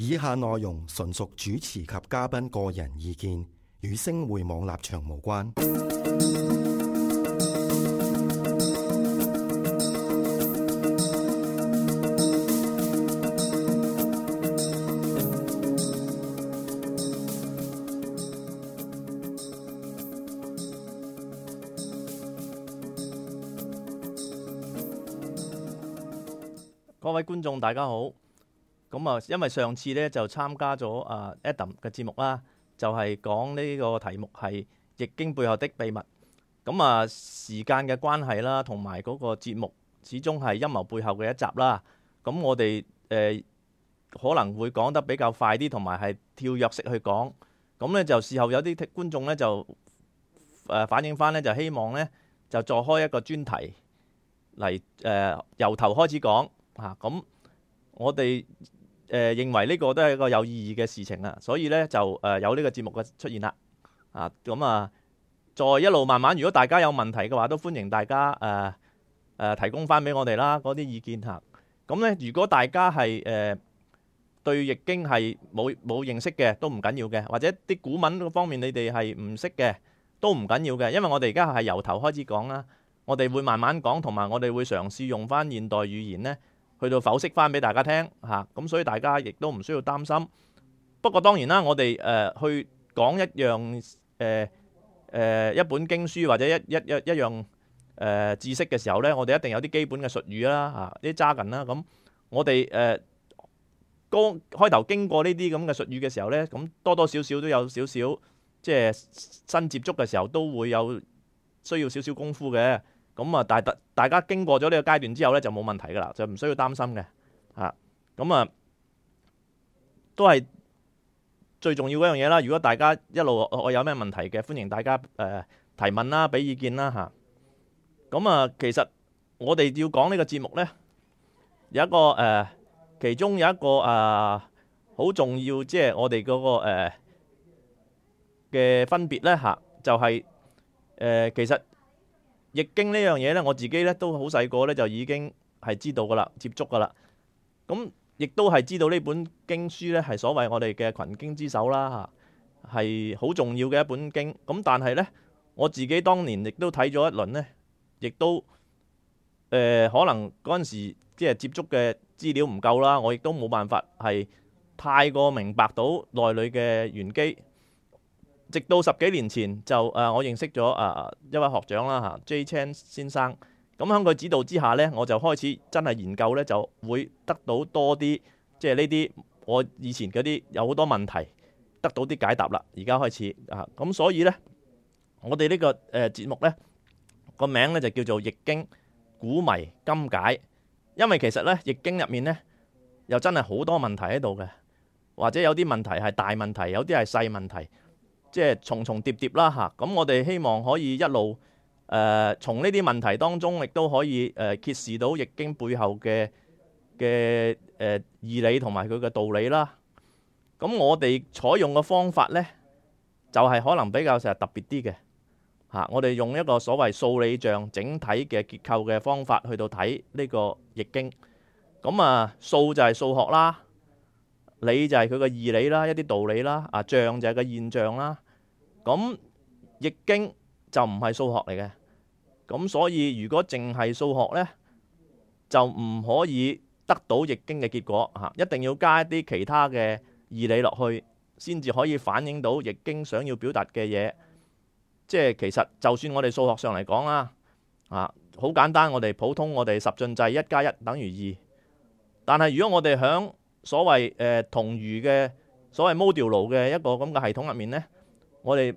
以下內容純屬主持及嘉賓個人意見，與星匯網立場無關。各位觀眾，大家好。咁啊，因為上次咧就參加咗啊 Adam 嘅節目啦，就係講呢個題目係《易經》背後的秘密。咁啊，時間嘅關係啦，同埋嗰個節目始終係陰謀背後嘅一集啦。咁我哋誒可能會講得比較快啲，同埋係跳躍式去講。咁咧就事後有啲觀眾咧就誒反映翻咧，就希望咧就再開一個專題嚟誒、呃、由頭開始講啊。咁我哋。誒、呃、認為呢個都係一個有意義嘅事情啦、啊，所以呢，就誒、呃、有呢個節目嘅出現啦。咁啊，啊，再一路慢慢，如果大家有問題嘅話，都歡迎大家誒誒、呃呃、提供翻俾我哋啦，嗰啲意見吓，咁、啊、呢，如果大家係誒、呃、對易經係冇冇認識嘅，都唔緊要嘅；或者啲古文方面你哋係唔識嘅，都唔緊要嘅，因為我哋而家係由頭開始講啦，我哋會慢慢講，同埋我哋會嘗試用翻現代語言呢。去到剖析翻俾大家聽咁、啊、所以大家亦都唔需要擔心。不過當然啦，我哋、呃、去講一樣、呃呃、一本經書或者一一一一樣、呃、知識嘅時候咧，我哋一定有啲基本嘅術語啦，啲、啊、揸緊啦。咁、啊、我哋誒剛開頭經過呢啲咁嘅術語嘅時候咧，咁多多少少都有少少即係新接觸嘅時候都會有需要少少功夫嘅。咁啊，大大家經過咗呢個階段之後呢，就冇問題㗎喇，就唔需要擔心嘅嚇。咁啊，啊，都係最重要嗰樣嘢啦。如果大家一路我有咩問題嘅，歡迎大家誒、呃、提問啦，俾意見啦嚇。咁啊，啊，其實我哋要講呢個節目呢，有一個誒、呃，其中有一個啊，好、呃、重要，即、就、係、是、我哋嗰、那個嘅、呃、分別呢。嚇、啊，就係、是、誒、呃、其實。《易經》呢樣嘢呢，我自己呢都好細個呢就已經係知道噶啦，接觸噶啦，咁亦都係知道呢本經書呢係所謂我哋嘅群經之首啦，係好重要嘅一本經。咁但係呢，我自己當年亦都睇咗一輪呢，亦都誒可能嗰陣時即係接觸嘅資料唔夠啦，我亦都冇辦法係太過明白到內裏嘅玄機。直到十幾年前就誒，我認識咗誒一位學長啦嚇，Jay Chen 先生。咁喺佢指導之下，呢我就開始真係研究，呢就會得到多啲，即係呢啲我以前嗰啲有好多問題，得到啲解答啦。而家開始啊，咁所以呢，我哋呢個誒節目呢個名呢，就叫做《易經古謎今解》，因為其實呢，《易經》入面呢，又真係好多問題喺度嘅，或者有啲問題係大問題，有啲係細問題。即係重重疊疊啦嚇，咁、啊、我哋希望可以一路誒從呢啲問題當中，亦都可以誒、呃、揭示到易經背後嘅嘅誒義理同埋佢嘅道理啦。咁、啊、我哋採用嘅方法呢，就係、是、可能比較上特別啲嘅嚇。我哋用一個所謂數理象整體嘅結構嘅方法去到睇呢個易經。咁啊，數就係數學啦。啊理就係佢個義理啦，一啲道理啦，啊象，就係個現象啦。咁、啊、易經就唔係數學嚟嘅，咁、啊、所以如果淨係數學呢，就唔可以得到易經嘅結果吓、啊，一定要加一啲其他嘅義理落去，先至可以反映到易經想要表達嘅嘢。即、就、係、是、其實就算我哋數學上嚟講啦，啊好簡單，我哋普通我哋十進制一加一等於二，但係如果我哋響所謂誒、呃、同餘嘅，所謂 modulo 嘅一個咁嘅系統入面呢，我哋誒、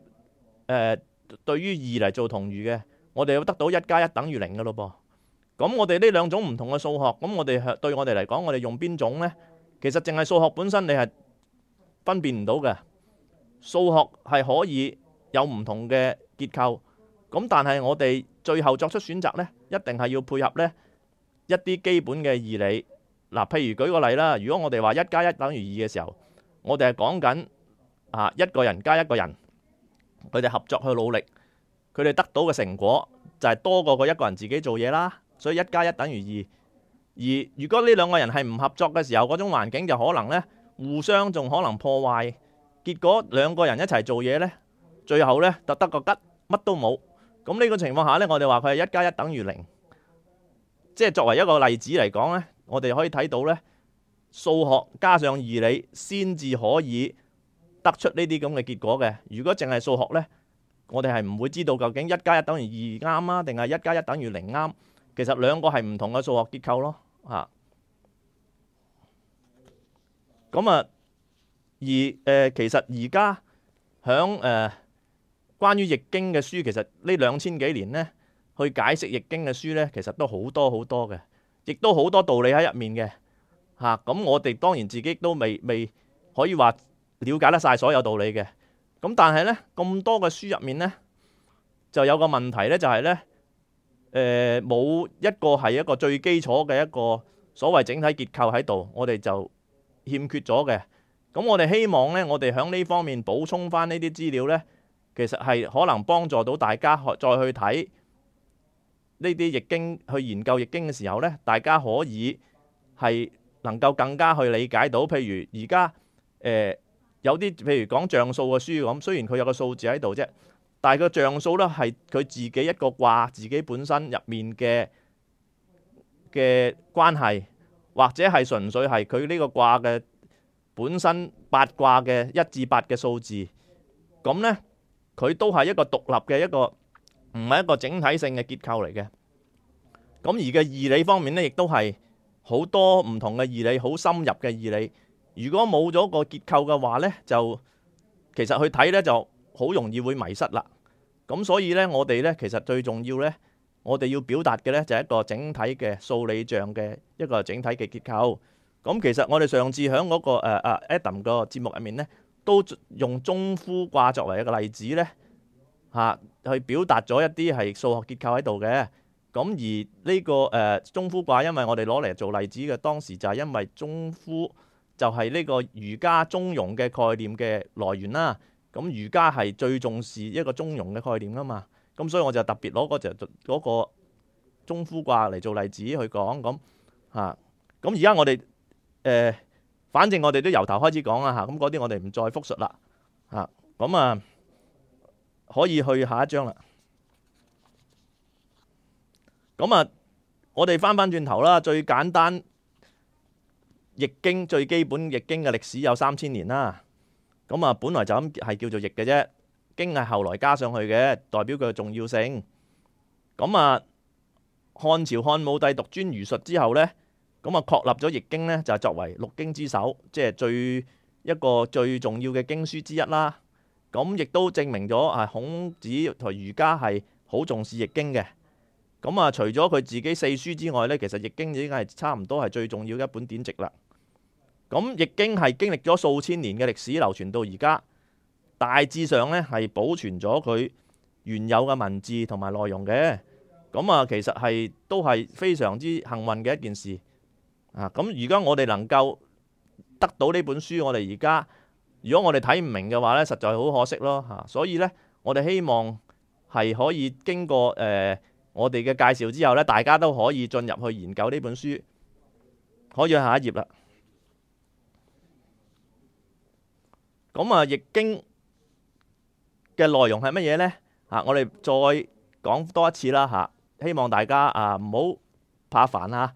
呃、對於二嚟做同餘嘅，我哋要得到一加一等於零嘅咯噃。咁我哋呢兩種唔同嘅數學，咁我哋對我哋嚟講，我哋用邊種呢？其實淨係數學本身你係分辨唔到嘅。數學係可以有唔同嘅結構，咁但係我哋最後作出選擇呢，一定係要配合呢一啲基本嘅義理。嗱，譬如舉個例啦，如果我哋話一加一等於二嘅時候，我哋係講緊啊一個人加一個人，佢哋合作去努力，佢哋得到嘅成果就係多過佢一個人自己做嘢啦，所以一加一等於二。而如果呢兩個人係唔合作嘅時候，嗰種環境就可能呢互相仲可能破壞，結果兩個人一齊做嘢呢，最後呢就得個吉，乜都冇。咁呢個情況下呢，我哋話佢係一加一等於零，即係作為一個例子嚟講呢。我哋可以睇到咧，數學加上義理先至可以得出呢啲咁嘅結果嘅。如果淨係數學咧，我哋係唔會知道究竟一加一等於二啱啊，定係一加一等於零啱？其實兩個係唔同嘅數學結構咯，嚇。咁啊，而誒其實而家響誒關於易經嘅書，其實呢兩千幾年咧，去解釋易經嘅書咧，其實都好多好多嘅。亦都好多道理喺入面嘅，吓、啊，咁我哋當然自己都未未可以話了解得晒所有道理嘅。咁但係咧，咁多嘅書入面咧，就有個問題咧，就係、是、咧，誒、呃、冇一個係一個最基礎嘅一個所謂整體結構喺度，我哋就欠缺咗嘅。咁我哋希望咧，我哋響呢方面補充翻呢啲資料咧，其實係可能幫助到大家再去睇。呢啲易經去研究易經嘅時候呢，大家可以係能夠更加去理解到，譬如而家、呃、有啲譬如講象數嘅書咁，雖然佢有個數字喺度啫，但係個象數呢係佢自己一個卦，自己本身入面嘅嘅關係，或者係純粹係佢呢個卦嘅本身八卦嘅一至八嘅數字，咁呢，佢都係一個獨立嘅一個。唔係一個整體性嘅結構嚟嘅，咁而嘅義理方面呢，亦都係好多唔同嘅義理，好深入嘅義理。如果冇咗個結構嘅話呢，就其實去睇呢就好容易會迷失啦。咁所以呢，我哋呢，其實最重要呢，我哋要表達嘅呢，就係一個整體嘅數理象嘅一個整體嘅結構。咁其實我哋上次喺嗰、那個誒、呃啊、Adam 個節目入面呢，都用中孚卦作為一個例子呢。嚇、啊，去表達咗一啲係數學結構喺度嘅。咁而呢、這個誒、呃、中孚卦，因為我哋攞嚟做例子嘅，當時就係因為中孚」就係呢個儒家「中庸嘅概念嘅來源啦。咁、啊、儒、呃、家係最重視一個中庸嘅概念噶嘛。咁、啊、所以我就特別攞嗰隻個中孚卦嚟做例子去講咁嚇。咁而家我哋誒、呃，反正我哋都由頭開始講啦嚇。咁嗰啲我哋唔再複述啦嚇。咁啊～啊可以去下一章啦。咁啊，我哋翻翻轉頭啦。最簡單《易經》，最基本，《易經》嘅歷史有三千年啦。咁啊，本來就咁係叫做《易》嘅啫，《經》係後來加上去嘅，代表佢嘅重要性。咁啊，漢朝漢武帝獨尊儒術之後呢，咁啊確立咗《易經》呢，就係作為六經之首，即係最一個最重要嘅經書之一啦。咁亦都證明咗啊，孔子同儒家係好重視《易經》嘅。咁啊，除咗佢自己四書之外呢，其實《易經》已經係差唔多係最重要一本典籍啦。咁《易經》係經歷咗數千年嘅歷史，流傳到而家，大致上呢係保存咗佢原有嘅文字同埋內容嘅。咁啊，其實係都係非常之幸運嘅一件事。啊，咁而家我哋能夠得到呢本書，我哋而家。如果我哋睇唔明嘅話呢，實在好可惜咯嚇。所以呢，我哋希望係可以經過誒、呃、我哋嘅介紹之後呢，大家都可以進入去研究呢本書。可以去下頁啦。咁啊，《易經》嘅內容係乜嘢呢？嚇、啊，我哋再講多一次啦嚇、啊。希望大家啊唔好怕煩啊。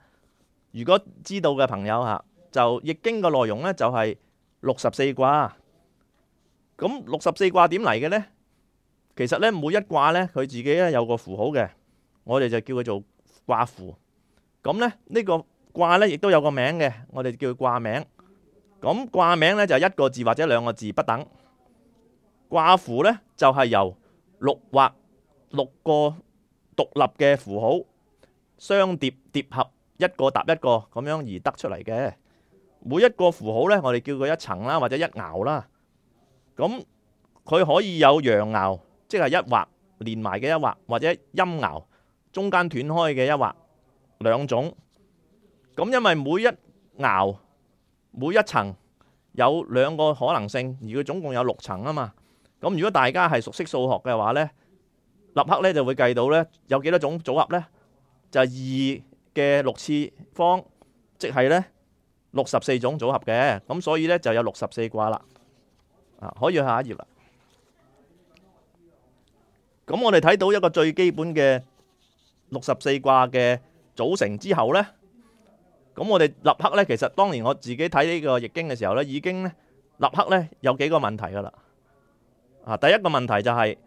如果知道嘅朋友嚇，就《易經》嘅內容呢就係、是。六十四卦，咁六十四卦點嚟嘅呢？其實呢，每一卦呢，佢自己咧有個符號嘅，我哋就叫佢做卦符。咁呢，呢個卦呢，亦都有個名嘅，我哋叫卦名。咁卦名呢，就一個字或者兩個字不等。卦符呢，就係由六或六個獨立嘅符號相疊疊合，一個搭一個咁樣而得出嚟嘅。每一個符號咧，我哋叫佢一層啦，或者一爻啦。咁佢可以有陽爻，即係一劃連埋嘅一劃，或者陰爻，中間斷開嘅一劃，兩種。咁因為每一爻、每一層有兩個可能性，而佢總共有六層啊嘛。咁如果大家係熟悉數學嘅話咧，立刻咧就會計到咧有幾多種組合咧？就係二嘅六次方，即係咧，六十四種組合嘅，咁所以呢就有六十四卦啦，啊，可以下一頁啦。咁我哋睇到一個最基本嘅六十四卦嘅組成之後呢，咁我哋立刻呢，其實當年我自己睇呢個易經嘅時候呢，已經呢立刻呢有幾個問題噶啦。啊，第一個問題就係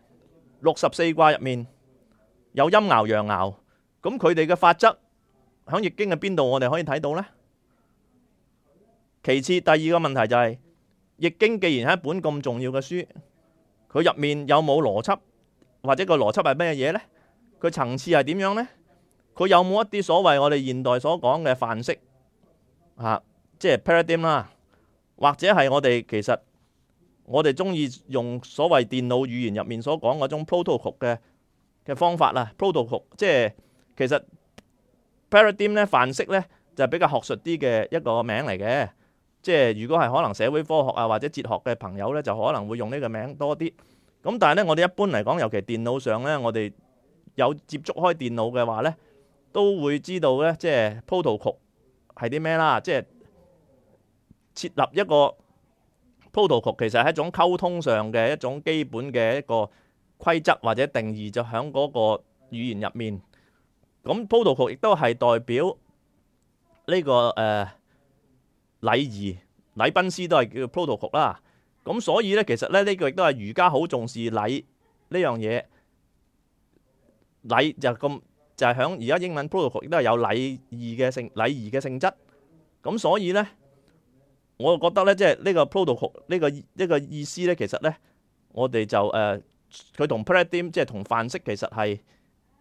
六十四卦入面有陰爻陽爻，咁佢哋嘅法則響易經嘅邊度我哋可以睇到呢？其次，第二個問題就係、是《易經》，既然係一本咁重要嘅書，佢入面有冇邏輯，或者個邏輯係咩嘢呢？佢層次係點樣呢？佢有冇一啲所謂我哋現代所講嘅範式啊？即係 paradigm 啦，或者係我哋其實我哋中意用所謂電腦語言入面所講嗰種 protocol 嘅嘅方法啦、啊，protocol 即係其實 paradigm 呢，範式呢，就係、比較學術啲嘅一個名嚟嘅。即係如果係可能社會科學啊或者哲學嘅朋友咧，就可能會用呢個名多啲。咁但係咧，我哋一般嚟講，尤其電腦上咧，我哋有接觸開電腦嘅話咧，都會知道咧，即係 protocol 係啲咩啦？即係設立一個 protocol 其實係一種溝通上嘅一種基本嘅一個規則或者定義，就喺嗰個語言入面。咁 protocol 亦都係代表呢、這個誒。呃禮儀、禮賓師都係叫做 protocol 啦。咁所以咧，其實咧呢、這個亦都係儒家好重視禮呢樣嘢。禮就咁、是、就係響而家英文 protocol 亦都係有禮儀嘅性禮儀嘅性質。咁所以咧，我就覺得咧，即係呢個 protocol 呢、這個呢、這個意思咧，其實咧我哋就誒佢、呃、同 paradigm 即係同範式其實係誒、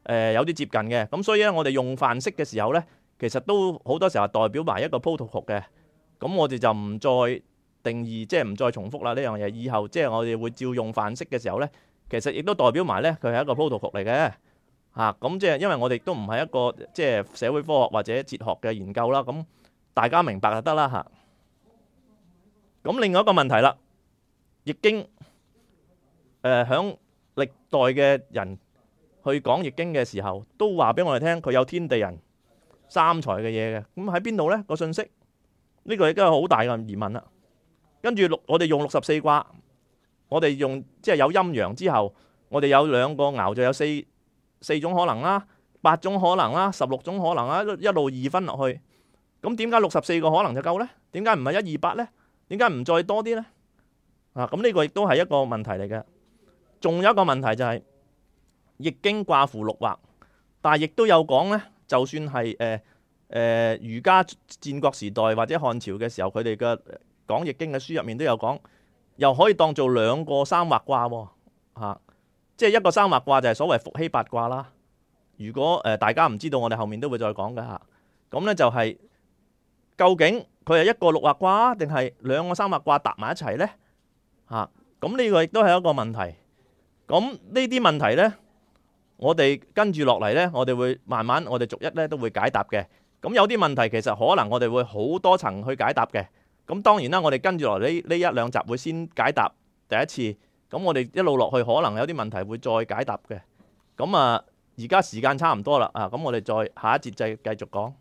呃、有啲接近嘅。咁所以咧，我哋用範式嘅時候咧，其實都好多時候代表埋一個 protocol 嘅。咁我哋就唔再定義，即係唔再重複啦呢樣嘢。以後即係我哋會照用範式嘅時候呢，其實亦都代表埋呢，佢係一個 protocol 嚟嘅。嚇、啊，咁即係因為我哋都唔係一個即係社會科學或者哲學嘅研究啦。咁、啊、大家明白就得啦嚇。咁、啊、另外一個問題啦，《易經》誒、呃、響歷代嘅人去講《易經》嘅時候，都話俾我哋聽，佢有天地人三才嘅嘢嘅。咁喺邊度呢？個信息？呢個亦都係好大嘅疑問啦。跟住六，我哋用六十四卦，我哋用即係有陰陽之後，我哋有兩個爻就有四四種可能啦，八種可能啦，十六種可能啦，一路二分落去。咁點解六十四個可能就夠呢？點解唔係一二八呢？點解唔再多啲呢？啊，咁呢個亦都係一個問題嚟嘅。仲有一個問題就係《易經》卦符六畫，但係亦都有講呢，就算係誒。誒儒家戰國時代或者漢朝嘅時候，佢哋嘅《講易經》嘅書入面都有講，又可以當做兩個三畫卦喎，嚇！即係一個三畫卦就係所謂伏羲八卦啦。如果誒、呃、大家唔知道，我哋後面都會再講嘅嚇。咁、啊、呢就係、是、究竟佢係一個六畫卦定係兩個三畫卦搭埋一齊呢？嚇、啊！咁呢個亦都係一個問題。咁呢啲問題呢，我哋跟住落嚟呢，我哋會慢慢我哋逐一呢都會解答嘅。咁有啲問題其實可能我哋會好多層去解答嘅，咁當然啦，我哋跟住落嚟呢呢一兩集會先解答第一次，咁我哋一路落去可能有啲問題會再解答嘅，咁啊而家時間差唔多啦啊，咁、啊、我哋再下一節就繼續講。